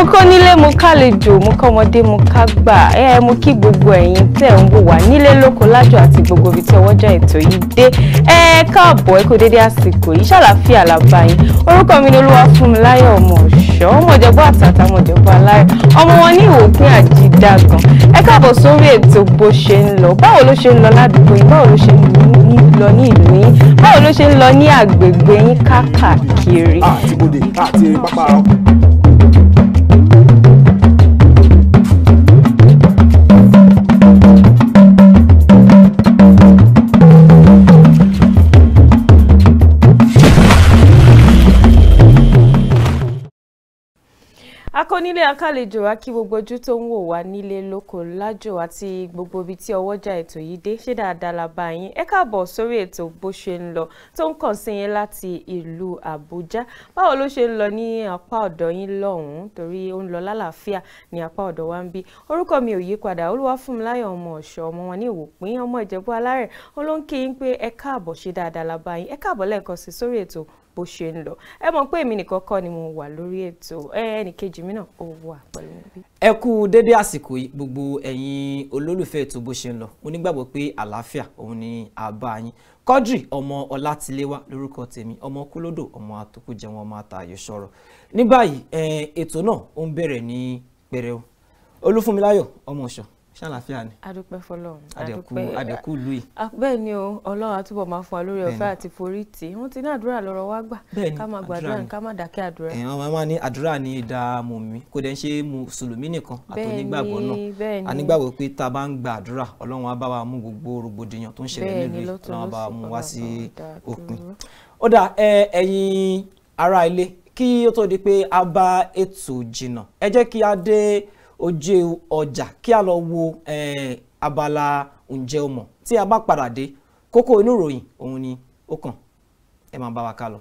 mo kọ́ nílé mo kálejò mo kọ́mọdé mo kágbà ẹ mo kí gbogbo ẹ̀yin tẹ̀ ń wò wá nílé lóko lájọ àti gbogbo ibi tí ọwọ́jà ètò yìí dé ẹ káàbọ̀ ẹ kò dédé àsìkò yìí ṣàlàfíà làbá yín orúkọ mi ni olúwa fún mi láyọ̀ ọmọ ọ̀ṣọ́ ọmọjọba àtàtà ọmọjọba aláyọ̀ ọmọ wọn ní ìwòpin àjídàgàn ẹ káàbọ̀ sórí ètò bó ṣe ń lọ báwo ló ṣe ń lọ ládùúgbò yín báwo ló ṣe ń lọ ní ìlú yín báwo ló ṣe ń lọ ní àgbègbè yín káàkiri. àti bòde àti pápá ọkọ̀. akọnílé akálejò wa kí gbogbo ojú tó ń wò wá nílé lóko lájò àti gbogbo ibi tí ọwọ́jà ètò yìí dé ṣé dáadáa la bá yín ẹ káàbọ̀ sórí ètò bó ṣe ń lọ tó ń kàn sí yín láti ìlú Àbújá báwo ló ṣe ń lọ ní apá ọ̀dọ̀ yín lọ́hùn-ún torí ó ń lọ lálàáfíà ní apá ọ̀dọ̀ wa ń bí orúkọ mi ò yí padà Olúwafúnmiláyọ̀ ọmọ Ọ̀ṣọ́ ọmọ wọn ní Ìwòpín ọmọ Ìjẹ̀bú bó ṣe ń lọ ẹ mọ̀ pé èmi nìkan kọ́ ni mo wà lórí ètò ẹnìkejì mi náà ó wà pẹ̀lú mi. ẹ kú dédé àsìkò yìí gbogbo ẹ̀yin olólùfẹ́ ètò bó ṣe ń lọ mo nígbàgbọ́ pé àlàáfíà òun ni àbá yín Quadri ọmọ Ọlátiléwá lórúkọ tèmi ọmọ kúlódò ọmọ àtòkù ọmọ àtàyè sọ̀rọ̀ ní báyìí ètò náà ó ń bẹ̀rẹ̀ ní pẹrẹu Olúfúnmiláyọ̀ ọmọ ọ̀ṣọ́ ṣàlàfíà ni. adúpẹ́ fọlọ́run adúpẹ́ adẹ́kù lu yìí. bẹ́ẹ̀ ni o ọlọ́run àtúbọ̀ máa fún wa lórí ọ̀fẹ́ àti forí tì í ti ní àdúrà lọ́rọ̀ wá gbà ká máa gbàdúrà ní ká má dákẹ́ àdúrà. ẹ̀hán wọn máa ní àdúrà ní ìdá mùmí kó dẹ́n ṣe mùsùlùmí nìkan àtònígbàgbọ́ náà anígbàgbọ́ pé tá a bá ń gba àdúrà ọlọ́run á bá wa mú gbogbo rògbòdìyàn tó ń ṣẹlẹ̀ nílùú ọlọ́run ojú ọjà kí a lọ wo eh, abala ǹjẹ́ o mọ̀ tí a bá padà dé kókó inú ìròyìn òun ni ó kàn ẹ máa bá wa ká lọ.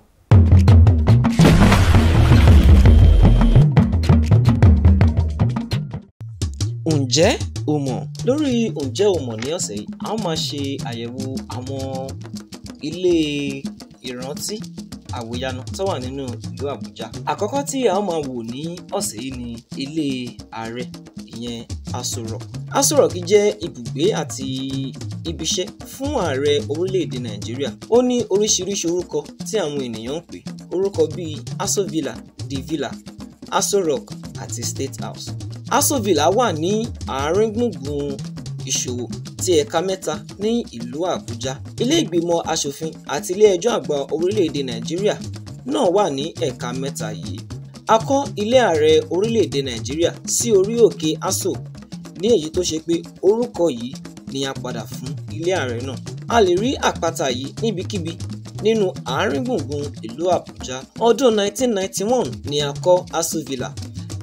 ǹjẹ́ o mọ̀ lórí ǹjẹ́ o mọ̀ ní ọ̀sẹ̀ yìí a máa ṣe àyẹ̀wò àwọn ilé ìrántí àwòyanu tó wà nínú ìlú àbújá àkọ́kọ́ tí a ó máa wò ní ọ̀sẹ̀ yìí ni ilé ààrẹ ìyẹn Aso Rock Aso Rock jẹ́ ibùgbé àti ibiṣẹ́ fún ààrẹ orílẹ̀-èdè nàìjíríà ó ní oríṣiríṣi orúkọ tí àwọn ènìyàn ń pè orúkọ bíi Aso Villa the Villa Aso Rock àti State House Aso Villa wà ní àárín gbùngbùn ìṣòwò ti ẹ̀ka mẹ́ta ní ìlú Àbújá. Ilé ìgbìmọ̀ aṣòfin àti ilé ẹjọ́ àgbà orílẹ̀-èdè Nàìjíríà náà wà ní ẹ̀ka mẹ́ta yìí. A kọ́ ilé ààrẹ orílẹ̀-èdè Nàìjíríà sí orí òkè Aso ní èyí tó ṣe pé orúkọ yìí ni a padà fún ilé ààrẹ náà. A lè rí àpáta yìí níbikíbi nínú àárín gbùngbùn ìlú Àbújá. Ọdún 1991 ni a kọ́ Aso Villa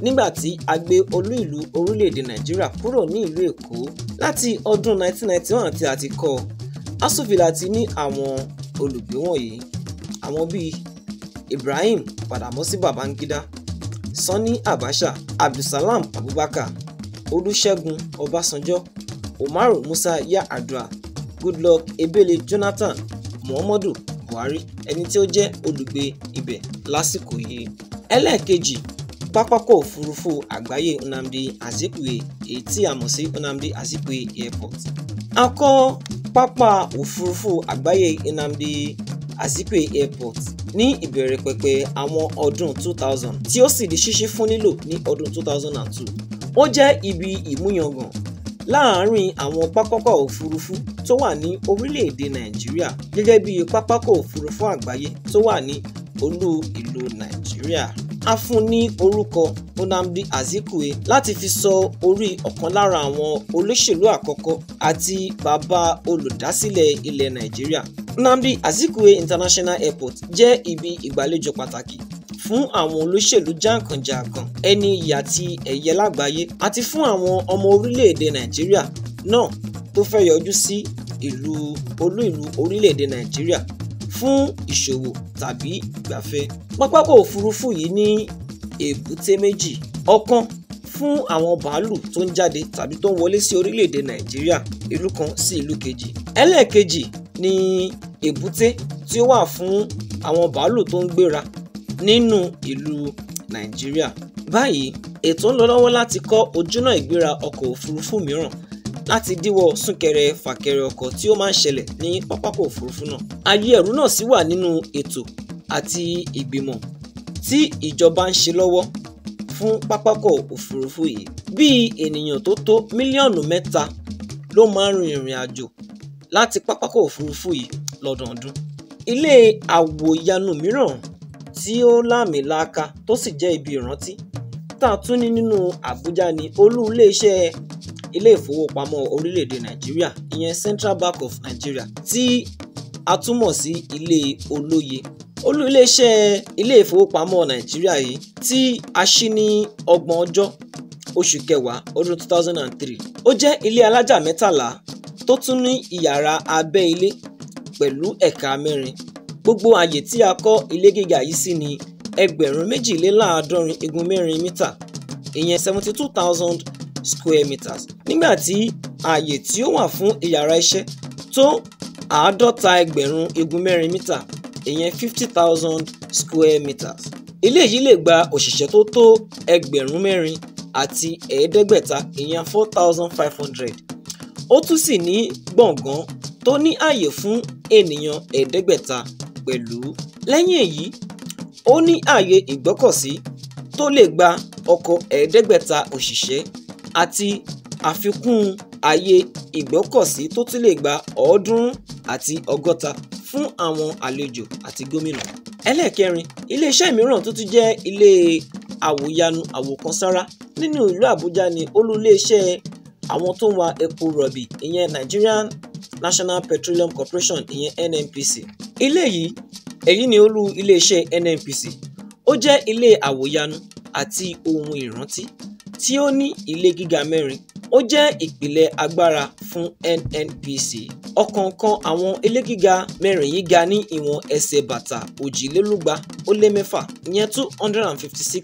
nígbà tí a gbé olú ìlú orílẹ̀-èdè Nàìjíríà kúrò ní ìlú Èkó láti ọdún 1991 tí a ti kọ́ Asuu Villa ti ní àwọn olùgbé wọ̀nyí àwọn bíi Ibrahim Badamasi Babangida Sani Abacha Abdulsalam Abubakar Olúṣẹ́gun Ọbásanjọ́ Umaru Musa Yar'Adua Goodluck Ebele Jonathan Muhammadu Buhari ẹni tí ó jẹ́ olùgbé ibẹ̀ lásìkò yìí ẹlẹ́ẹ̀kejì pápákọ̀ òfurufú àgbáyé Nnamdi Azikiwe èyí tí a mọ̀ sí Nnamdi Azikiwe airport. a kọ́ pápá òfurufú àgbáyé Nnamdi Azikiwe airport ní ìbẹ̀rẹ̀ pẹ̀pẹ̀ àwọn ọdún 2000 tí ó sì di ṣíṣí fún lílò ní ọdún 2002. ó jẹ́ ibi ìmúyangàn láàárín àwọn pápákọ̀ òfurufú tó wà ní orílẹ̀-èdè Nàìjíríà gẹ́gẹ́ bí pápákọ̀ òfurufú àgbáyé tó wà ní olú ìlú Nàìjíríà á fún ní orúkọ Nnamdi Azikiwe láti fi sọ orí ọ̀kan lára àwọn olóṣèlú àkọ́kọ́ àti bàbá olùdásílẹ̀ ilẹ̀ Nàìjíríà. Nnamdi Azikiwe International Airport jẹ́ ibi ìgbàlejò pàtàkì fún àwọn olóṣèlú jàǹkànjàǹkàn ẹni iyì àti ẹ̀yẹ lágbàáyé àti fún àwọn ọmọ orílẹ̀-èdè Nàìjíríà náà tó fẹ́ yọjú sí ìlú olú ìlú orílẹ̀-èdè Nàìjíríà fún ìṣòwò tàbí ìgbafẹ́. Pápákọ̀ òfurufú yìí ní èbúté méjì, ọ̀kan fún àwọn bàálù tó ń jáde tàbí tó ń wọlé sí orílẹ̀-èdè Nàìjíríà ìlú kan sí ìlú kejì. Ẹlẹ́ẹ̀kejì ni èbúté tí ó wà fún àwọn bàálù tó ń gbéra nínú ìlú Nàìjíríà. Báyìí ètò ń lọ lọ́wọ́ láti kọ́ ojúnà ìgbéra ọkọ̀ òfurufú mìíràn láti díwọ́ súnkẹrẹ fàkẹrẹ ọkọ̀ tí ó máa ń ṣẹlẹ̀ ní pápákọ̀ òfurufú náà. ààyè ẹ̀rú náà sì wà nínú ètò àti ìgbìmọ̀ tí ìjọba ń ṣe lọ́wọ́ fún pápákọ̀ òfurufú yìí. bí ènìyàn tó tó mílíọ̀nù mẹ́ta ló máa ń rin ìrìn àjò láti pápákọ̀ òfurufú yìí lọ́dọọdún. ilé àwòyanu mìíràn tí ó láàmìlaaka tó sì jẹ́ ibi ìrántí tá a tún ní nínú Àbújá ni olú iléeṣẹ́ ilé ìfowópamọ́ orílẹ̀-èdè nàìjíríà ìyẹn Central Bank of Nigeria tí a túmọ̀ sí ilé olóye olú ilé ìfowópamọ́ nàìjíríà yìí tí a ṣí ní ọgbọ̀n ọjọ́ oṣù kẹwàá ọdún two thousand and three ó jẹ́ ilé alájà mẹ́tàlá tó tún ní ìyàrá abẹ́ ilé pẹ̀lú ẹ̀ka mẹ́rin gbogbo àyè tí a kọ́ ilé gíga yìí sí ni ẹgbẹ̀rún méjìléláàádọ́rin igun mẹ́rin mítà ìyẹn seventy two thousand square meters nígbà tí ààyè tí ó wà fún ìyàrá iṣẹ́ tó àádọ́ta ẹgbẹ̀rún igun mẹ́rin mítà ìyẹn fifty thousand square meters ilé yìí lè gba òṣìṣẹ́ tó tó ẹgbẹ̀rún mẹ́rin àti ẹ̀ẹ́dẹ́gbẹ̀ta ìyẹn four thousand five hundred ó tún sì ní gbọ̀ngàn tó ní ààyè fún ènìyàn ẹ̀ẹ́dẹ́gbẹ̀ta pẹ̀lú lẹ́yìn èyí ó ní ààyè ìgbọ́kọ̀sí tó lè gba ọkọ̀ ẹ̀ẹ́dẹ́gbẹ̀ta òṣìṣẹ́ àti àfikún àyè ìgbọ́kọ̀sí tó tún lè gba ọ̀ọ́dúnrún àti ọgọ́ta fún àwọn àlejò àti gómìnà. ẹlẹ́ẹ̀kẹrin iléeṣẹ́ mìíràn tó tún jẹ́ ilé àwòyanu àwòkọ́sára nínú ìlú àbújá ni olú iléeṣẹ́ àwọn tó ń wa epo rọ̀bì ìyẹn Nigerian National Petroleum Corporation ìyẹn NNPC. ilé yìí èyí ni olú iléeṣẹ́ NNPC ó jẹ́ ilé àwòyanu àti ohun ìrántí tí ó ní ilé gíga mẹ́rin ó jẹ́ ìpìlẹ̀ agbára fún NNPC ọ̀kọ̀ọ̀kan àwọn ilé gíga mẹ́rin yìí ga ní ìwọ̀n ẹsẹ̀ bàtà òjìlélúgba ó lé mẹ́fà ìyẹn two hundred and fifty six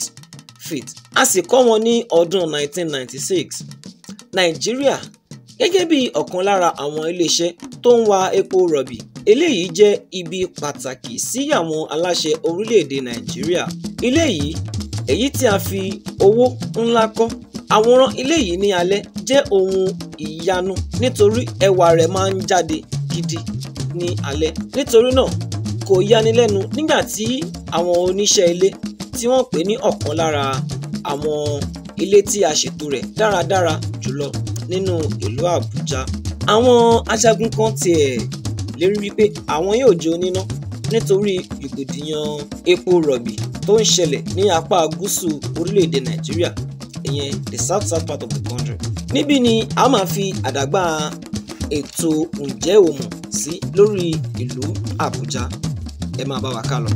feet a sì kọ́ wọn ní ọdún nineteen ninety six Nàìjíríà gẹ́gẹ́ bí ọ̀kan lára àwọn iléeṣẹ́ tó ń wa epo rọ̀bì eléyìí jẹ́ ibi pàtàkì sí àwọn aláṣẹ orílẹ̀-èdè Nàìjíríà ilé yìí èyí tí a fi owó ńlá kọ́ àwòrán ilé yìí ní alẹ́ jẹ́ ohun ìyanu nítorí ẹwà rẹ̀ máa ń jáde gidi ní alẹ́ nítorí náà kò yanilẹ́nu nígbà tí àwọn oníṣẹ́ ilé tí wọ́n pè ní ọ̀kan lára àwọn ilé tí a ṣètò rẹ̀ dáradára jùlọ nínú ìlú Àbújá àwọn ajagun kan tiẹ̀ lérí wípé àwọn yóò jó níná nítorí ìgbòdìyàn epo rọ̀bì tó ń ṣẹlẹ̀ ní apá gúúsù orílẹ̀-èdè nàìjíríà ìyẹn the south south part of the country. níbí ni a máa fi àdàgbà ètò ǹjẹ́ o mọ̀ sí lórí ìlú àbújá ẹ máa bá wa ká lọ.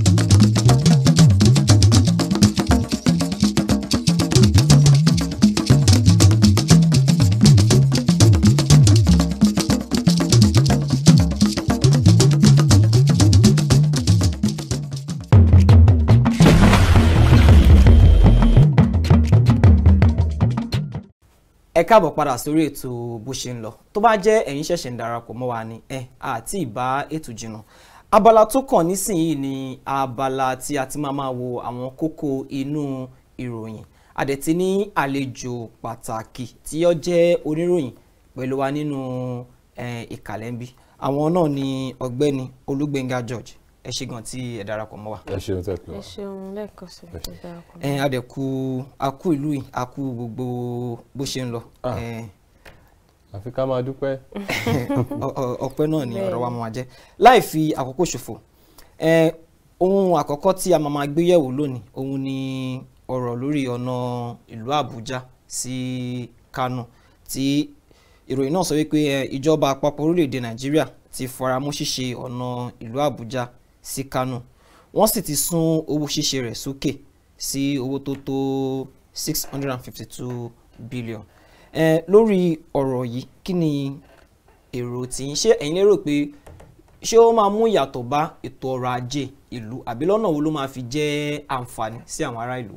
ẹ káàbọ̀ padà sórí ètò bó ṣe ń lọ tó bá jẹ́ ẹ̀yin ṣẹ̀ṣẹ̀ ń darapọ̀ mọ́ wa ni ẹ àti ìbá ètò jìnnà abala tó kàn nísìnyí ni abala tí a ti máa máa wo àwọn kókó inú ìròyìn a ní àlejò pàtàkì tí ó jẹ́ oníròyìn pẹ̀lú wa nínú ìkàlẹ̀ àwọn náà ni ọ̀gbẹ́ni Olúgbénga George ẹ ṣe gan tí ẹ darapọ̀ mọ́ wa. ẹ ṣeun tẹ́kọ̀ ẹ ṣeun lẹ́ẹ̀kan sí ẹ darapọ̀ mọ́. ẹyin akú ìlú yìí akú gbogbo bó ṣe ń lọ. Ah. àfi ká máa dúpẹ́. ọpẹ́ náà ni ọ̀rọ̀ wa máa jẹ́ láì fi àkókò ṣòfò ohun àkọ́kọ́ tí a máa gbé yẹ̀wò lónìí ohun ni ọ̀rọ̀ lórí ọ̀nà ìlú Àbújá sí Kánò tí ìròyìn náà sọ wípé ìjọba àpapọ̀ orílẹ̀-èdè Nàìjíríà ti faramọ́ ṣíṣe ọ̀nà ìlú Àbújá sí Kanu wọ́n sì ti sún owó ṣíṣe rẹ̀ sókè sí owó tó tó six hundred and fifty two billion eh, lórí ọ̀rọ̀ yìí kí ni èrò tí ń ṣe ẹ̀yin lérò pé ṣé ó máa mú ìyàtọ̀ bá ètò ọrọ̀ ajé ìlú àbí lọ́nà wo ló máa fi jẹ́ àǹfààní sí àwọn ará ìlú.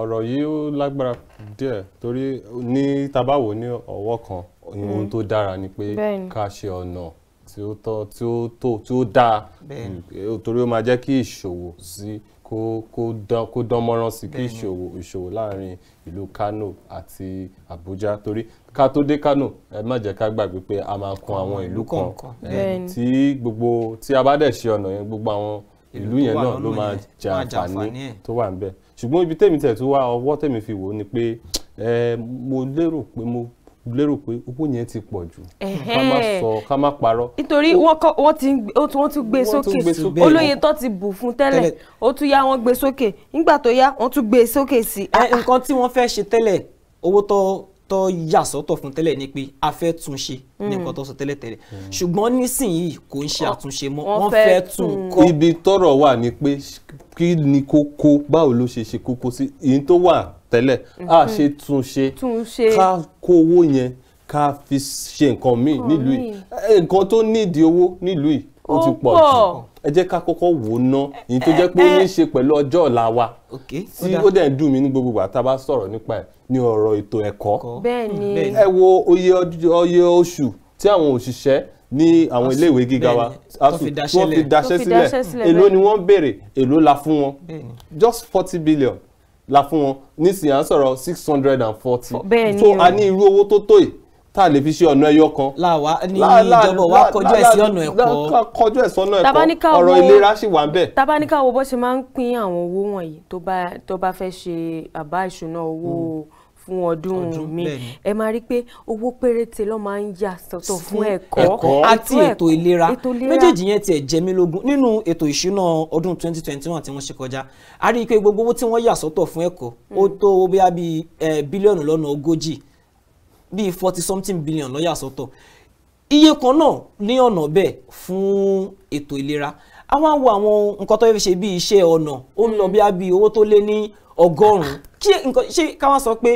ọ̀rọ̀ yìí ó lágbára díẹ̀ torí ní tabawo ní ọwọ́ kan ohun mm-hmm. tó dára ni pé ká ṣe ọ̀nà. No tí ó tọ́ tí ó tó tí ó dáa mm, eh, torí ó máa jẹ́ kí ìṣòwò sí kó kó dán kó dán mọ́rán sí kí ìṣòwò ìṣòwò láàrin ìlú Kano àti Abuja torí ká tó dé Kano ẹ má jẹ́ ká gbàgbé pé a máa kun àwọn ìlú kan eh, tí gbogbo tí a bá dẹ̀ ṣe ọ̀nà yẹn gbogbo àwọn ìlú yẹn náà ló máa jẹ àǹfààní tó wà níbẹ̀ ṣùgbọ́n ibi tèmi tẹ̀ tún wá ọwọ́ tèmi fi wò ó ni pé eh, mo lérò pé mo lérò pé owó yẹn ti pọ̀ jù ká má sọ ká má parọ́. nítorí wọ́n ti wọ́n tún gbé sókè olóye tó ti bù fún tẹ́lẹ̀ ó tún yá wọ́n gbé sókè nígbà tó yá wọ́n tún gbé sókè sí. nǹkan tí wọ́n fẹ́ ṣe tẹ́lẹ̀ owó tó tó yà sọ́tọ̀ fún tẹ́lẹ̀ ni pé a fẹ́ tún ṣe ní hmm. nǹkan tó sọ tẹ́lẹ̀ tẹ́lẹ̀ hmm. ṣùgbọ́n nísìnyí kò ń ṣe àtúnṣe mọ́ wọ́n fẹ́ tún kọ́. ibi tọ́rọ̀ wà ni pé kí ni kókó báwo ló ṣe ṣe kókó sí èyí tó wà tẹ́lẹ̀ mm-hmm. a ṣe tún ṣe ká kó owó yẹn ká fi ṣe nǹkan míì nílùú yìí nǹkan tó nídìí owó nílùú yìí ó ti pọ̀ jù ẹ jẹ́ ká kọ́kọ́ wò ó ná èyí tó jẹ́ pé ó eh, eh. ní í ṣe pẹ̀lú ọjọ́ ọ̀la wa tí ó dẹ̀ ń dùn mí ní gbogbo ìgbà tá a bá sọ̀rọ̀ nípa ẹ̀ ní ọ̀rọ̀ ètò ẹ̀kọ́ mm, ẹ wo oye oṣù tí àwọn òṣìṣẹ́ ní àwọn iléèwé gíga wa asu tí wọ́n fi daṣẹ́ sílẹ̀ èló ni wọ́n béèrè èló la fún wọn just forty billion la fún wọn nísìnyí à ń sọ̀rọ̀ six hundred and forty so a ní irú owó tó tó yìí tá a lè fi ṣe ọ̀nà ẹyọ kan. láwa ní ìjọba wa kọjú ẹ̀ sí ọ̀nà ẹ̀kọ́. kọjú ẹ̀ sí ọ̀nà ẹ̀kọ́ ọ̀rọ̀ ìlera ṣì wà ń bẹ̀. tabaníkà wo bó ṣe máa ń pín àwọn owó wọ̀nyí tó bá fẹ́ ṣe àbá ìṣúná owó. Mm fún ọdún mi ẹ máa rí i pé owó péréte ló máa ń yà sọ́tọ̀ fún ẹ̀kọ́ àti ètò ìlera méjèèjì yẹn tiẹ̀ jẹ mí lógún nínú ètò ìṣúná ọdún 2021 tí wọ́n ṣe kọjá a rí i pé gbogbo owó tí wọ́n yà sọ́tọ̀ fún ẹ̀kọ́ ó hmm. tó bóyá bíi bílíọ̀nù lọ́nà ogójì bíi forty something billion ló yà sọ́tọ̀ iye kan náà ní ọ̀nà bẹ́ẹ̀ fún ètò ìlera a wá ń wo àwọn nǹkan tó yẹ fi ṣe bí iṣẹ́ ọ̀nà ó ń lọ hmm. bí owó tó lé ní ọgọ́rùn-ún kí nǹkan ṣé káwọn sọ pé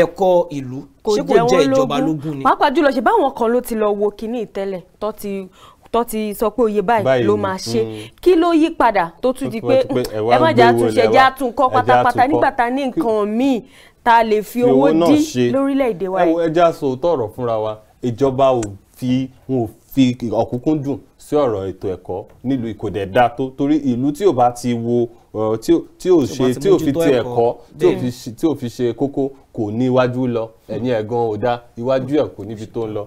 ẹ̀kọ́ ìlú ṣé kò jẹ́ ìjọba lógún ni. pàápàá jùlọ ṣe báwọn kan ló ti lọ wo kinní tẹ́lẹ̀ tó ti tó ti sọ pé oyè báyìí ló máa ṣe mm. kí ló yí padà tó tún di pé ẹ mm, má jà àtúnṣe ẹjẹ àtúnkọ pátápátá nígbà tá ní nǹkan míì tá a lè fi owó dí lórílẹ̀‐èdè wa yìí. ẹ jẹ́ a sọ òótọ́ ọ̀rọ̀ fúnra wa ìjọba ò fi wọn ò fi ọ̀kúnkún dùn sí ọ̀rọ̀ ètò ẹ̀kọ́ nílùú ìkòdẹ̀dá tó torí ìlú tí ò bá ti wo tí ò ṣe tí ò fi ti ẹ̀kọ́ tí ò fi ṣe kókó kò ní iwájú lọ hmm. ẹ̀yìn ẹ̀gan ò dá iwájú ẹ̀ kò níbi tó ń lọ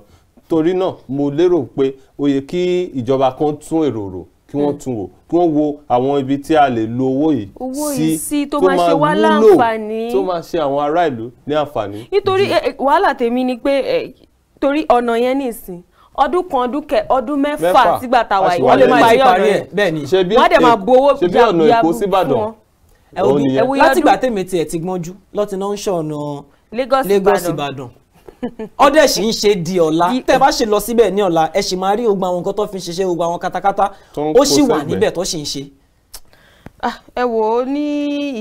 torí náà mo lérò pé ó yẹ kí ìjọba kan tún èrò rò kí wọ́n hmm. tún wò kí wọ́n wo àwọn ibi tí a lè lo owó yìí sí tó máa ṣe wá láǹfààní tó máa ṣe àwọn ará ìlú ní àǹfààní. nítorí wàhálà tèmi ni pé torí ọ̀nà yẹn nìsín ọdún kan ọdún kẹ ọdún mẹ́fà sígbà tá a wà yìí wọ́n lè máa yọ ọ̀nà rẹ̀ bẹ́ẹ̀ ni wọ́n dẹ̀ máa gbowó jagunjagun fún wọn. láti ìgbà tèmi tiẹ̀ ti gbọ́njú lọ́tí náà ń ṣe ọ̀nà Lagos Ìbàdàn ọdẹ ṣì ń ṣe di ọ̀la tẹ́ bá ṣe lọ síbẹ̀ ní ọ̀la ẹ ṣì máa rí gbogbo àwọn nǹkan tó fi ń ṣiṣẹ́ gbogbo àwọn katakata ó ṣì wà níbẹ̀ tó ṣì ń ṣe. Ah, ẹ wò ó ní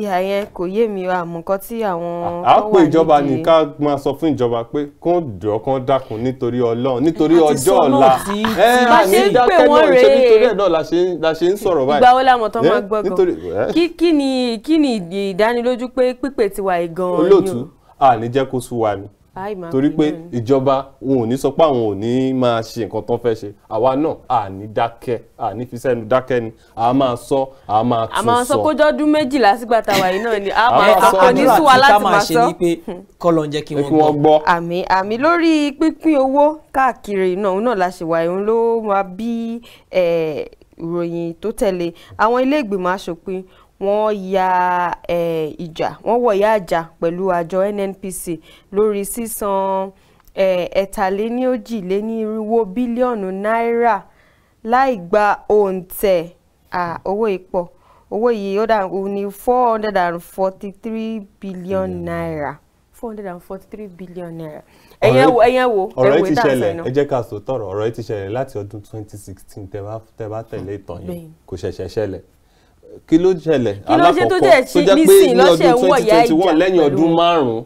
ìhà yẹn kò yé mi àmùkọ́ tí àwọn. a pè ìjọba ní ká máa sọ fún ìjọba pé kó jọ kán dákun nítorí Ọlọ́run nítorí ọjọ́ ọ̀la ẹ àní dákẹ́ náà ṣe nítorí ẹ̀ náà la ṣe ń sọ̀rọ̀ báyìí. ìgbà wo la mọ̀ tán máa gbọ́gàn kí ni kí ni ìdánilójú pé pípè tiwa ìgan-an ni o. olóòtú àní jẹ́ kó sú wa ni torí pé ìjọba wọn ò ní sọ pé àwọn ò ní máa ṣe nǹkan tó fẹ́ ṣe àwa náà à ní dákẹ́ à ní fi sẹ́nu dákẹ́ ni à máa sọ à máa tún sọ. a máa sọ kójọ́ ọdún méjìlá sígbà táwa yìí náà ni a máa sọ kò ní sú wa láti máa sọ. kọ́lọ̀ ń jẹ́ kí wọ́n gbọ́. àmì àmì lórí pínpín owó káàkiri náà òun náà la ṣe wà òun ló máa bí ìròyìn tó tẹ̀lé àwọn ilé ìgbìmọ̀ asòfin wọ́n ya ìjà wọ́n wọ̀yá àjà pẹ̀lú àjọ NNPC lórí sísan ẹ̀ẹ́tàléníòjìlénírínwó bílíọ̀nù náírà láì gba òǹtẹ̀ owó ìpọ̀ owó yìí ó dàn ní four hundred and forty three billion naira four hundred and forty three billion naira ẹ̀yẹ́ wo ẹ̀yẹ́ wo ọ̀rọ̀ yìí ti ṣẹlẹ̀ ẹ jẹ́ ká sọ ọ̀rọ̀ yìí ti ṣẹlẹ̀ láti ọdún twenty sixteen tẹ́ bá tẹ̀lé ìtàn yìí kò ṣẹ̀ṣẹ̀ ṣẹlẹ̀ kí ló ṣẹlẹ̀ alákọ̀ọ́kọ́ tó jẹ́ pé ní ọdún twenty twenty one lẹ́yìn ọdún márùn-ún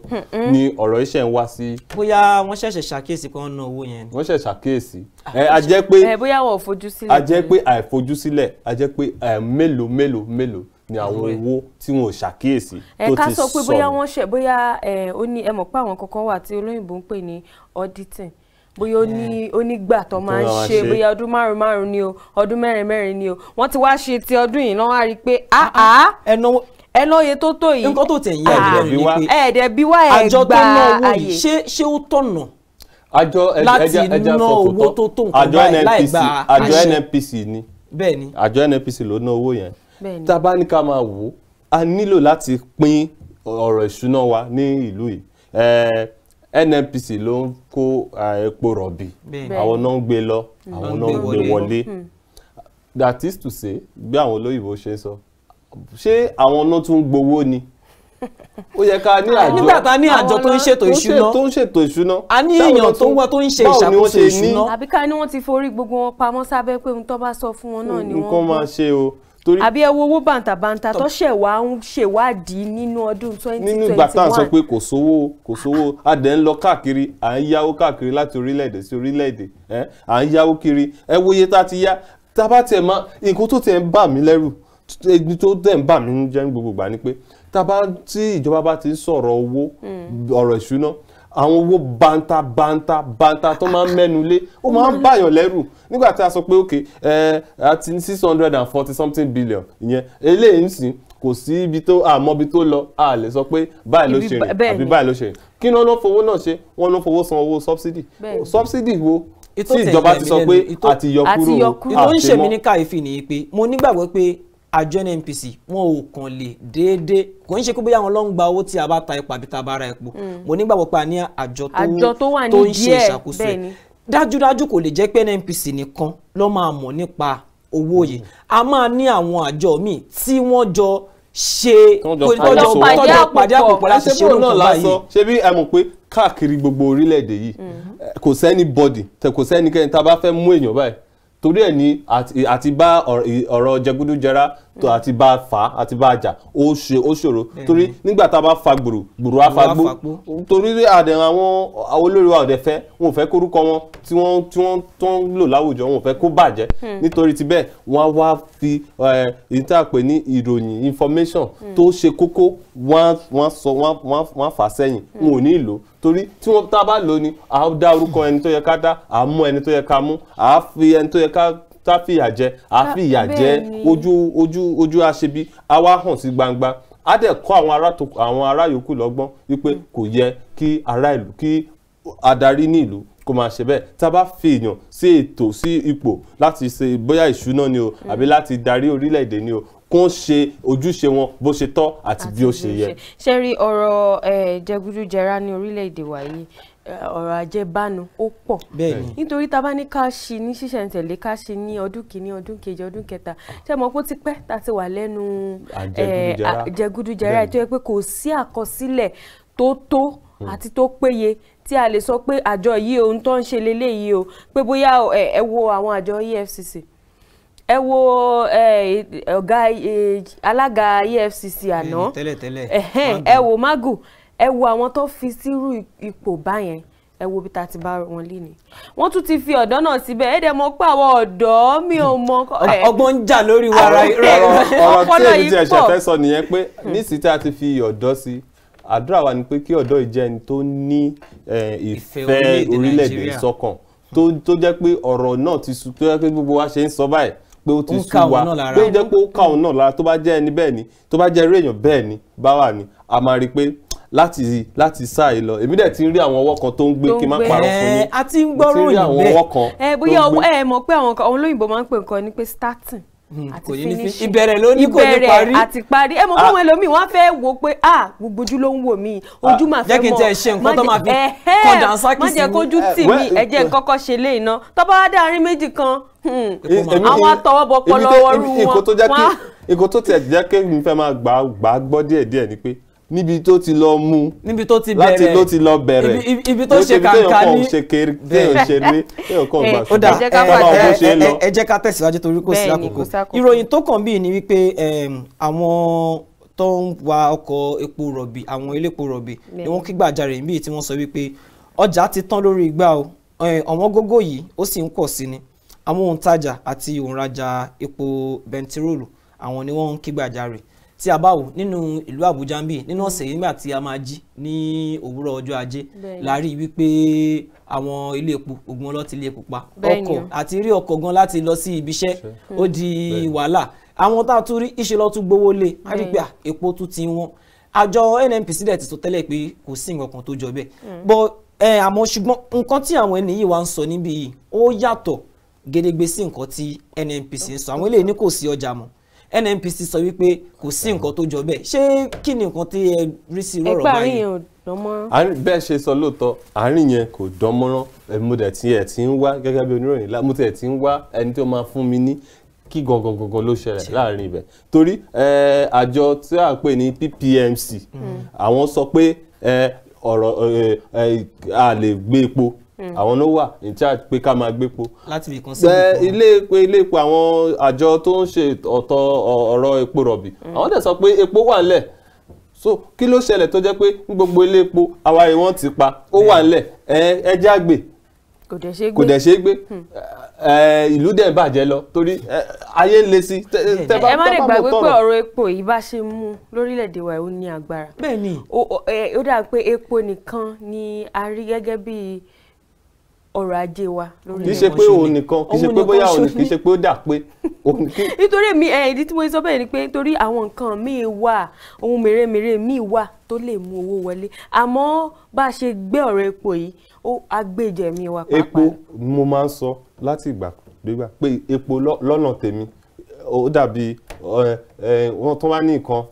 ni ọ̀rọ̀ iṣẹ́ ń wá sí. bóyá wọ́n ṣẹ̀ṣẹ̀ ṣàkíyèsí pé wọ́n ná owó yẹn. wọ́n ṣẹ̀ṣẹ̀ ṣàkíyèsí ah, a jẹ́ pé bóyá wọ́n fojú sílẹ̀. a jẹ́ pé àìfojú sílẹ̀ a jẹ́ pé mélòó mélòó mélòó ni àwọn owó tí wọn ò ṣàkíyèsí tó ti sọnù. ẹ ká sọ pé bóyá wọ́n ṣe bóyá ó ní ẹ mọ̀ pé àwọn kọ̀ọ̀kan wà tí olóyìnbó ń pè ní auditing bóyá ó ní onígbà tó máa ń ṣe bóyá ọdún márùn márùn ni o ọdún mẹ́rin mẹ́rin ni o wọ́n ti wá ṣe ti ọdún yìí náà wá rí i pé áá ah, ah, ah, ẹnà oyè tó tó yìí nǹkan tó tẹ̀yìn ẹ̀dẹ̀bí wá ẹ̀dẹ̀bí wá ẹ̀ gbà àyè àjọ tó náwó yìí ṣé ṣé ó tọ̀nà láti ná owó tó tó nǹkan láì gbà àjọ NNPC ni bẹ́ẹ̀ni àjọ NNPC ló ná owó yẹn tá a bá ní ká máa wò ó a nílò láti pín ọ̀rọ̀ ìṣúná wa ní ìlú yìí NNPC ló ń kó epo rọ̀bì àwọn náà ń gbé lọ àwọn náà ń gbé wọlé hmm. that is to say bí àwọn olóyìnbó ṣe ń sọ ṣé àwọn náà tún gbowó ni ó yẹ ká ní àjọ nígbà tá ní àjọ tó ń ṣètò ìṣúná tó ń ṣètò ìṣúná a ní èèyàn tó ń wá tó ń ṣe ìṣàkóso ìṣúná àbí ká ní wọ́n ti forí gbogbo wọn pamọ́ sábẹ́ pé ohun tó bá sọ fún wọn náà ni hmm, wọ́n nǹkan máa ṣe o torí àbí ẹ wo owó bàǹtàbàǹtà tó ṣẹ̀wá ń ṣèwádìí nínú ọdún twenty twenty one. nínú ìgbà tá à ń sọ pé kò sówó kò sówó a dẹ̀ ń lọ káàkiri à ń yáwó káàkiri láti orílẹ̀-èdè sí orílẹ̀-èdè à ń yáwó kiri ẹ wo iye tá a ti yá tá a bá tiẹ̀ mọ nǹkan tó tiẹ̀ ń bà mí lẹ́rù ebi tó dẹ̀ ń bà mí jẹ́ gbogbo gbà ni pé tá a bá tí ìjọba bá ti ń sọ̀rọ̀ owó hmm. ọ̀rọ̀ ìṣúná àwọn owó banta banta banta tó máa ń mẹ́nu lé ó máa ń bàyàn lẹ́rù nígbà tí a sọ pé okay ẹ a ti ní six hundred and forty something billion ìyẹn eléyìí ń sìn kò sí ibi tó àmọ́bi tó lọ a lè sọ pé báyìí ló ṣe rìn àbí báyìí ló ṣe rìn kí ni wọ́n lọ fowó náà ṣe wọ́n lọ fowó san owó subsidy subsidy wo tí ìjọba ti sọ pé àti yọ kúrò àti yọ kúrò àti mọ́. ìtò ń ṣèmí ní pé mo nígbàgbọ́ pé àjọ NNPC wọn ò kàn lè déédéé kò ń ṣe kó bóyá wọn lọ ń gba owó tí a bá ta epo àbí ta bá ra epo mm. mo nígbàgbọ́ pé a ní àjọ tó ń ṣe ìṣàkóso ẹ̀ dájúdájú kò lè jẹ́ pé NNPC nìkan ló máa mọ̀ nípa owó yìí a máa ní àwọn àjọ míì tí wọ́n jọ ṣe tọjọ pàdé àpòpọ̀ láti ṣe orúkọ báyìí. ṣé bí ẹ mọ̀ pé káàkiri gbogbo orílẹ̀-èdè yìí mm-hmm. kò sẹ́ni bọ́dì kò sẹ́nikẹ́ni tá a bá fẹ́ mú èèyàn báyìí torí ẹ̀ ni àti bá ọ̀rọ̀ jẹgúdújẹrá tó hmm. àti bá fa á àti bá jà ó ṣe ó ṣòro hmm. torí nígbà tá a bá fa gbòrò gbòrò á fa gbó torí àdẹ àwọn olórí wa ọ̀dẹ fẹ́ wọn ò fẹ́ kórúkọ wọn tí wọ́n tí wọ́n tó ń lò láwùjọ wọn ò fẹ́ kó bàjẹ́ hmm. nítorí ti bẹ́ẹ̀ wọ́n á wá fi ìtàpè ní ìròyìn information tó ṣe kókó wọ́n wọ́n sọ wọ́n wọ́n fà sẹ́yìn hmm. n ò ní ìlò torí tí wọ́n tá a bá lò ní à á dá orúkọ ẹni tó yẹ ká dá à á mú ẹni tó yẹ ká mú à á fi ẹni tó yẹ ká tá fi ìyà jẹ à á fi ìyà jẹ ojú ojú ojú aṣebi á wá hàn sí gbangba á dẹ̀ kọ́ àwọn ará àwọn ará yòókù lọ́gbọ́n wípé hmm. kò yẹ kí ará ìlú kí adarí ní ìlú kó máa ṣe bẹ́ẹ̀ tá a bá fi èèyàn sí ètò sí ipò láti ṣe bóyá ìṣúná ni o hmm. àbí láti darí orílẹ̀-èdè ni o kó ń ṣe ojúṣe wọn bó ṣe tọ́ àti bí ó ṣe yẹ. ṣe rí ọ̀rọ̀ jẹgúdújẹrá ní orílẹ̀-èdè wa yìí ọ̀rọ̀ ajé bánu ó pọ̀ nítorí tá a bá ní ká ṣí ní ṣíṣẹ̀ǹtẹ̀lé ká ṣí ní ọdún kìíní ọdún kejì ọdún kẹta ṣé mo kó ti pẹ́ tá a ti wà lẹ́nu jẹgúdújẹrá ètò ẹ pé kò sí àkọsílẹ̀ tó tó hmm. àti tó péye tí a lè sọ pé àjọ yìí ohun tó ń ṣe leléyìí o pé bóyá ẹ wo àwọn àjọ EFCC ẹ wo ọ̀gá alága EFCC àná ẹ wo magu ẹ wo àwọn tó fi sírú ipò báyẹn ẹ wo bí ta ti bá wọn lé ni wọ́n tún ti fi ọ̀dọ́ náà síbẹ̀ ẹ dẹ̀ pé àwọn ọ̀dọ́ mi ò mọ̀. ọgbọ́n ń jà lórí wa ara ọ̀rọ̀ tí èmi ti ẹ̀ṣẹ̀ fẹ́ sọ nìyẹn pé nísìsiyìí tí a ti fi ọ̀dọ́ sí àdúrà wa ni pé kí ọ̀dọ́ ìjẹ́ ẹni tó ní ìfẹ́ orílẹ̀-èdè sọ́kàn tó jẹ́ pé ọ̀rọ̀ náà ti sùn tó jẹ́ pé gbogbo wa ṣe ń sọ báyìí pé ó ti sú wa pé jẹ́ pé ó ká òun náà lára tó bá jẹ́ ẹni bẹ́ẹ̀ ni tó bá jẹ́ eré èèyàn bẹ́ẹ̀ ni bá wà ni a máa rí i pé láti láti sáàyè lọ èmi dẹ̀ ti ń rí àwọn ọwọ́ kan tó ń gbé kí n má parọ́ fún yín a ti ń gbọ́ròyìn bẹ́ẹ̀ bóyá ẹ mọ̀ pé àwọn olóyìnbó máa ń pè nǹkan ní pé starting Hmm, àti finish ìbẹ̀rẹ̀ ló ní kò ní parí ìbẹ̀rẹ̀ àti parí ẹ mọ̀ fún ah. ẹlòmíì wọ́n fẹ́ wò pé ah gbogbo ojú ló ń wò mí ah, ojú máa fẹ́ mọ̀ jẹ́ kí n tẹ ṣe nǹkan tó máa fi kọjá sákìsì mi má jẹ́ kójú eh, tì mí ẹ jẹ́ n eh, kọ́kọ́ ṣe lé iná tó bá wá dáa rí méjì kan hmm, àwọn àtọwọ́bọ pọlọ wọrú wọn. ìkó tó tẹ̀ kí n fẹ́ máa gbà gbọ́ díẹ̀díẹ̀ ni pé níbi tó ti lọ mú níbi tó ti bẹ̀rẹ̀ láti tó ti lọ bẹ̀rẹ̀ ibi tó ṣe kàǹkà ní téèyàn ṣe rí téèyàn kàn eh, gbà ṣùgbọ́n ẹ jẹ́ ká ẹ jẹ́ ká tẹ̀síwájú torí kò sí àkókò ìròyìn tó kàn bíi ni wípé àwọn tó ń wa ọkọ̀ epo rọ̀bì àwọn elépo rọ̀bì ni wọ́n kígbàjarè níbi tí wọ́n sọ wípé ọjà ti tán lórí igbá o ọ̀wọ́n gógó yìí ó sì ń pọ̀ sí ni àwọn òǹtajà àti òǹrajà epo bẹntiróòlù àwọn ni wọ́n ń kígbàjarè tí a bá wò nínú ìlú Àbújá ń bì nínú mm. ọ̀sẹ̀ yìí nígbà tí a máa jí ní òwúrọ̀ ọjọ́ ajé la rí wípé àwọn ilé epo ogun ọlọ́tí ilé epo pa ọkọ̀ àti rí ọkọ̀ gan láti lọ sí ibi iṣẹ́ ó di wàhálà àwọn tá a tún rí iṣẹ́ lọ́ọ́ tún gbowó lé a rí pé mm. epo tún ti wọ́n àjọ NNPC dẹ̀ ti tó tẹ́lẹ̀ pé kò sí nǹkan kan tó jọ bẹ́ẹ̀ mm. bọ́ àmọ́ ṣùgbọ́n nǹkan tí àwọn ẹni yìí wá ń sọ níbí yìí ó yàtọ̀ gedegbe sí nǹkan tí NNPC ń sọ àwọn eléyìí ní kò sí ọjà mọ́ NNPC sọ wípé kò sí nǹkan tó jọ bẹ́ẹ̀ ṣé kí ni nǹkan tí ẹ rí sí rọrọ báyìí. ẹgbẹ́ àárín yẹn ò dán mọ́rán. bẹ́ẹ̀ ṣe sọ lóòótọ́ àárín yẹn kò dán mọ́rán mo dẹ̀ ti ẹ̀ ti ń wá gẹ́gẹ́ bí oníròyìn mo ti ẹ̀ ti ń wá ẹni tó máa fún mi ní kí gangan ló ṣẹlẹ̀ láàrin ibẹ̀ torí àjọ tí a pè ní PPMC hmm. àwọn sọ pé ọ̀rọ̀ a lè gbé epo Hmm. àwọn ló wà in charge pé ká máa gbépo. láti fi kan sí ìpò. ilé epo ilé epo àwọn àjọ tó ń ṣe ọ̀tọ̀ ọ̀rọ̀ epo rọ̀bì hmm. àwọn dẹ̀ sọ pé epo wà ńlẹ̀ so kí ló ṣẹlẹ̀ tó jẹ́ pé gbogbo ilé epo àwa yìí wọ́n ti pa ó wà ńlẹ̀ ẹja gbè kò dẹ̀ ṣe é gbé hmm. ìlú dẹ̀ ń bàjẹ́ lọ torí ayé ń le sí. ẹ má lè gbàgbé pé ọ̀rọ̀ epo yìí bá ṣe mú lórílẹ̀‐èdè wa ó ní agbára. bẹ́ẹ̀ ni. ó dà pé epo nìkan ni a rí gẹ́gẹ́ bíi ọrọ̀ ajé wa lórí ìwọ̀n ṣe. kì í ṣe pé òun nìkan kì í ṣe pé bóyá òun kì í ṣe pé ó dà pé nítorí mi ìdí tí mo sọ bẹ́ẹ̀ ni pé nítorí àwọn nǹkan míì wà ohun mèremère míì wà tó lè mú owó wọlé àmọ́ bá a ṣe gbé ọ̀rọ̀ epo yìí ó agbèjẹ̀mí wa pàápàá. epo mo máa ń sọ láti ìgbà dégbà pé epo lọ́nà tèmi ó dàbí wọ́n tó wá ní nǹkan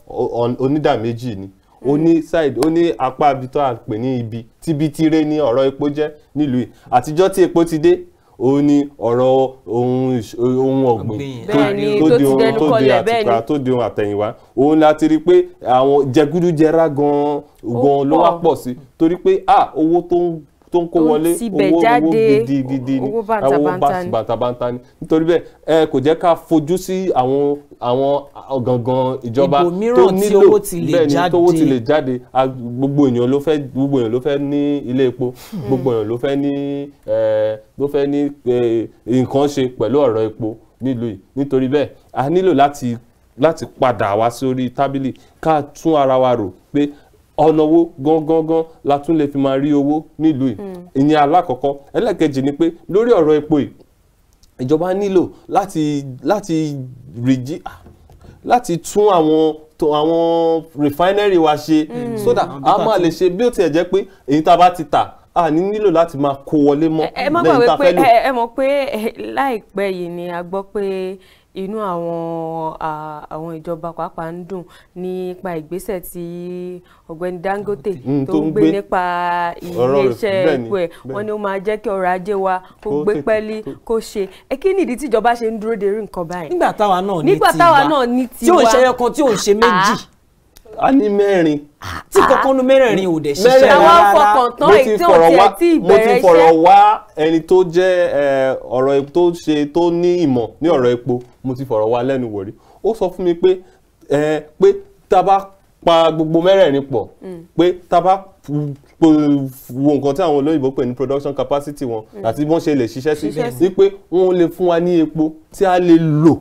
onídàméjì ni ó ní side ó ní apá ibi tó ní ibi tíbi tiré ní ọ̀rọ̀ epo jẹ́ nílùú yìí àtijọ́ tí epo ti dé ó ní ọ̀rọ̀ ohun ọ̀gbìn tó di ohun tó di àtìpà tó di ohun àtẹ̀yìnwá òun la ti rí pé àwọn jẹgúdújẹrá gan-an ló wá pọ̀ sí torí pé owó tó ń tó ń kó wọlé owó owó gidi gidi ni owó bàtàbàtà ni nítorí bẹ́ẹ̀ ẹ kò jẹ́ ká fojú sí àwọn àwọn gangan ìjọba tó nílò bẹ́ẹ̀ ni tówó ti lè jáde gbogbo èèyàn ló fẹ́ gbogbo èèyàn ló fẹ́ ní ilé epo hmm. gbogbo èèyàn ló fẹ́ ní ló fẹ́ ní nǹkan ṣe pẹ̀lú ọ̀rọ̀ epo nílùú yìí nítorí bẹ́ẹ̀ a nílò láti láti padà wá sórí tábìlì ká tún ara wa rò pé ọ̀nà wo gangan la tún lè fi máa rí owó nílùú yìí hmm. ìyẹn alákọ̀ọ́kọ́ ẹlẹ́ẹ̀kejì ni pé lórí ọ̀rọ̀ epo yìí ìjọba nílò láti láti rìjì ah, láti tún àwọn àwọn refinery wa ṣe mm. so that a máa lè ṣe bí ó tiẹ̀ jẹ́ pé èyí tá a bá ti tà a ní nílò láti máa kó wọlé mọ́ lẹ́yìn tá a fẹ́ lò. ẹ mọ̀ pé eh, láìpẹ́ yìí ni a gbọ́ pé inú àwọn àwọn ìjọba pàápàá ń dùn nípa ìgbésẹ̀ tí ọ̀gbẹ́ni Dangote tó ń gbé nípa iléeṣẹ́ epo ẹ̀ wọ́n ní ó máa jẹ́ kí ọrọ̀ ajé wa kó gbé pẹ́lí kó ṣe ẹ kí nìdí tí ìjọba ṣe ń dúró de irú nǹkan báyìí. nígbà táwa náà ní tiwa nígbà táwa náà ní tiwa tí ò ń ṣe ẹyọkan tí ò ń ṣe méjì ah a ní mẹ́rin. tí kankan nu mẹ́rẹ̀ẹ̀rin ò dẹ̀ ṣiṣẹ́ rárá àwọn fọkàn tán èyí tí ò tiẹ̀ tí ìbẹ̀rẹ̀ iṣẹ́. mo ti fọ̀rọ̀ wá ẹni tó jẹ́ eh, ọ̀rọ̀ tó ṣe tó ní ìmọ̀ ní ọ̀rọ̀ epo mo ti fọ̀rọ̀ wá lẹ́nu wò rí ó sọ fún mi pé eh, pé tá a bá pa gbogbo mẹ́rẹ̀ẹ̀rin pọ̀ mm. pé tá a bá wo nǹkan tí àwọn olóyìnbó pè ní production capacity wọn mm. àti bí wọ́n ṣe lè ṣiṣẹ́ sí ni pé wọ́n lè fún wa ní epo tí a lè lò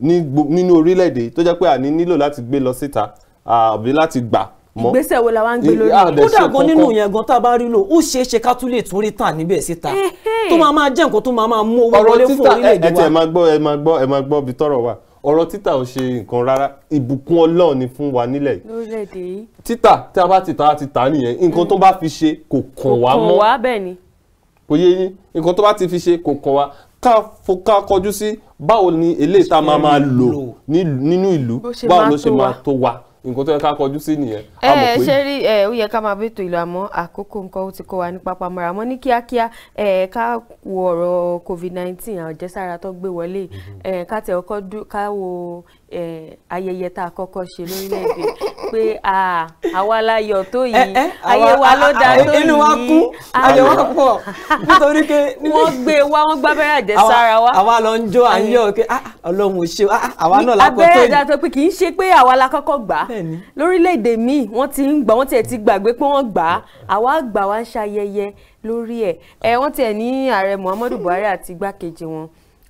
nínú orílẹ̀-èdè tó jẹ́ pé a nílò láti gbé lọ síta àbí láti gbà mọ́. ìgbésẹ̀ wo la wá ń gbé lórí kódà gan nínú yẹn gan tá a bá rí lò ó ṣeé ṣe ká tún lè tún rí tà níbẹ̀ síta tó máa máa jẹ́ nǹkan tó máa máa mú owó wọlé fún orílẹ̀-èdè wa. ọ̀rọ̀ títà ẹ máa gbọ́ ẹ máa gbọ́ ẹ máa gbọ́ bí tọ́rọ̀ wà ọ̀rọ̀ títà ò ṣe nǹkan rárá ìbùkún Ọlọ́run ni fún wa nílẹ̀ yìí. lórílẹ̀‐èdè yìí. títà tí a bá ti tà á ti tà á nìyẹn nǹkan tó bá fi ṣe kò kàn wá mọ́. kò ni. yé yín nǹkan tó bá ti fi ṣe kò kàn wá ká kọjú sí báwo ni eléyìí tá a máa máa lò nínú ìlú báwo ló ṣe máa tó wa nǹkan tó yẹ ká kọjú sí nìyẹn. ẹ ẹ ṣe rí ẹ eh, ó yẹ ká máa bètò ìlú àmọ́ àkókò nǹkan ó ti kó wa ní pápámọ́ra àmọ́ ní kíákíá ẹ eh, ká wo ọ̀rọ̀ covid nineteen àjẹsára tó gbé wọlé ẹ mhm. eh, ká tẹ ọkọ ká wo ayẹyẹ tá a kọ́kọ́ ṣe lórílẹ̀-èdè pé àwa la yọ̀ tó yìí ayé wa ló da tó yìí inú wa kú ayé wa pọ̀ nítorí pé. wọ́n gbé wa wọ́n gbá abẹ́rẹ́ àjẹsára wa. àwa lọ ń jó à ń yọ̀ pé ah, ah, ọlọ́run ò ṣe ah, àwa náà la kọ́ tó yìí. abẹ́rẹ́ àjẹsára pé kì í ṣe pé àwa la kọ́kọ́ gbà á lórílẹ̀‐èdè míì wọ́n ti ń gbà wọ́n tiẹ̀ ti gbàgbé pé wọ́n gbà á àwa gbà wá ń ṣayẹyẹ lórí ẹ̀ ẹ̀ wọ́n tiẹ̀ ní ààrẹ Muhammadu Buhari àti igbákejì wọn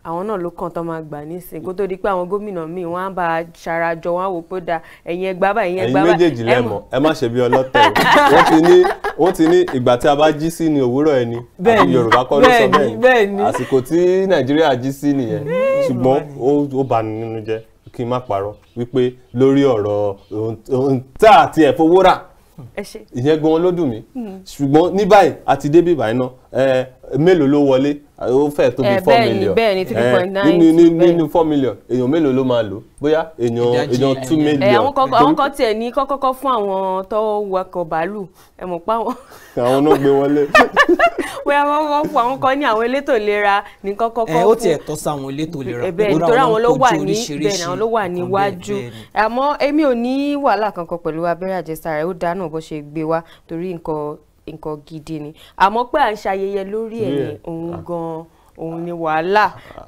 àwọn náà ló kàn tó máa gbà nísìn kó tó di pé àwọn gómìnà míì wọn á bá a ṣarajọ wọn á wò pé da ẹ̀yin ẹgbà bá ẹ̀yin ẹgbà bá ẹ̀yin méjèèjì lẹ́mọ̀ ẹ má ṣe bí ọlọ́tẹ̀ wọ́n ti ní wọ́n ti ní ìgbà tí a bá jí sí ni òwúrọ̀ ẹni àti Yorùbá kọ́ ló sọ bẹ́ẹ̀ ni àsìkò tí Nàìjíríà jí sí nìyẹn ṣùgbọ́n ó bà ní nínú jẹ́ kí n má parọ́ wípé lórí ọ̀rọ̀ ohun tá àti ẹ̀fọwọ́rà ìyẹn mélòó ló wọlé ó fẹ́ tó bí eh, four million bẹ́ẹ̀ni three point eh, nine nínú nínú four million èèyàn mélòó ló máa lò bóyá èèyàn èèyàn two million. Eh, àwọn kan àwọn kan tiẹ̀ ní kọ́kọ́kọ́ fún àwọn tó wakọ̀ bàálù ẹ̀ mọ̀ pa wọn. àwọn náà gbé wọlé. bóyá wọ́n kọ́ fún àwọn kan ní àwọn elétò ìlera ní kọ́kọ́kọ́ fún. ẹ ó tiẹ̀ tọ́ sí àwọn elétò ìlera torí àwọn ló wà ní bẹ́ẹ̀ni àwọn ló wà níwájú àmọ́ èmi ò ní wàhálà kankan pẹ̀lú abẹ́rẹ́ àjẹsára ó dáná bó ṣe gbé wá torí nǹkan nǹkan gidi ni àmọ́ pé à ń ṣayẹyẹ lórí ẹ̀yìn òun ah. gan-an òun ni wàhálà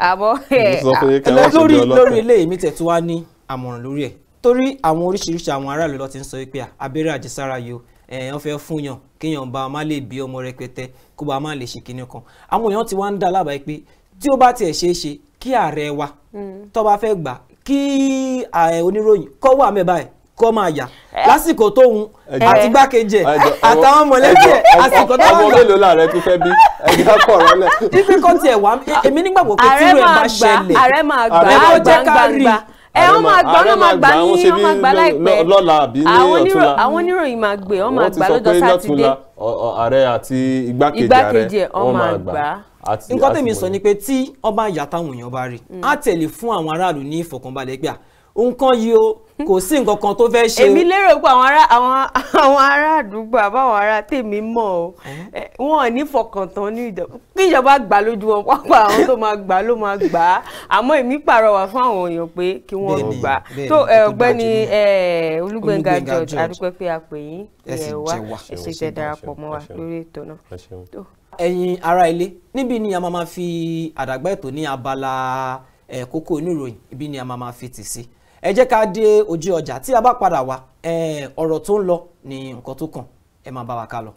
àmọ́ ah. eh, lórí lórí ilé mi tẹ̀ tó wá ní àmọ̀ràn lórí ẹ̀ torí àwọn oríṣiríṣi àwọn aráàlú ló ti ń sọ wípé abẹ́rẹ́ àjẹsára yìí èèyàn eh, fẹ́ fún yàn kéèyàn bá má lè bí ọmọ rẹpẹtẹ kó bá má lè ṣe kinní kan àwọn èèyàn ti wá ń dá lábàá pé tí ó bá tiẹ̀ ṣeé ṣe kí ààrẹ wa hmm. tó bá fẹ́ gbà kí eh, oníròyìn kó wà mẹ́bàá ẹ̀ kọ́ máa yà lásìkò tóun àti gbákejì ẹ̀ àtàwọn mọ̀lẹ́bí ẹ̀ àsìkò tó wà. ọmọ mélòó làárẹ̀ tó fẹ́ bí ẹ̀dá kọ̀ rọ́lẹ̀. ife kan tiẹ̀ wá èmi nígbàgbọ́ pé tírú ẹ̀ bá ṣẹlẹ̀ ààrẹ máa gbà ààrẹ máa gbà gbàgbà ẹ ọ máa gbà ọ máa gbà yín ọ máa gbà láìpẹ́ àwọn oníròyìn máa gbé ọ máa gbà lọ́jọ́ sátidé ààrẹ àti igbákejì ẹ̀ ọ máa gbà nǹkan tèmi sọ ni pé tí ọba yàtàwọn èèyàn rí mm. á tẹ̀lé fún àwọn aráàlú ní ìfọ̀kànbalẹ̀ pé à nǹkan yìí o kò sí nǹkan kan tó fẹ́ẹ́ ṣe. èmi lérò pé àwọn ará àwọn ará àdúgbò àbáwọn ará tèmi mọ̀ ọ́ wọn ò ní fọkàntán ní ìjọba kí ìjọba gbà lójú wọn pápá àwọn tó máa gbà ló máa gbà á àmọ́ èmi pàrọwà fún àwọn èèyàn pé kí wọ́n gbà á tó ọ̀gbẹ́ni Olúgbénga George adúpẹ́ pé a pè yín ẹ̀ wá ẹ̀ ṣe tẹ̀ darapọ̀ mọ́ wa lórí ètò náà ẹ̀yin ará ilé níbi ni a máa fi àdàgbà ètò ní abala kókó inú ìròyìn ibi ni a máa fi tì sí ẹ jẹ́ ká dé ojú ọjà tí a bá padà wá ọ̀rọ̀ tó ń lọ ní nǹkan tó kàn ẹ máa bá wa ká lọ.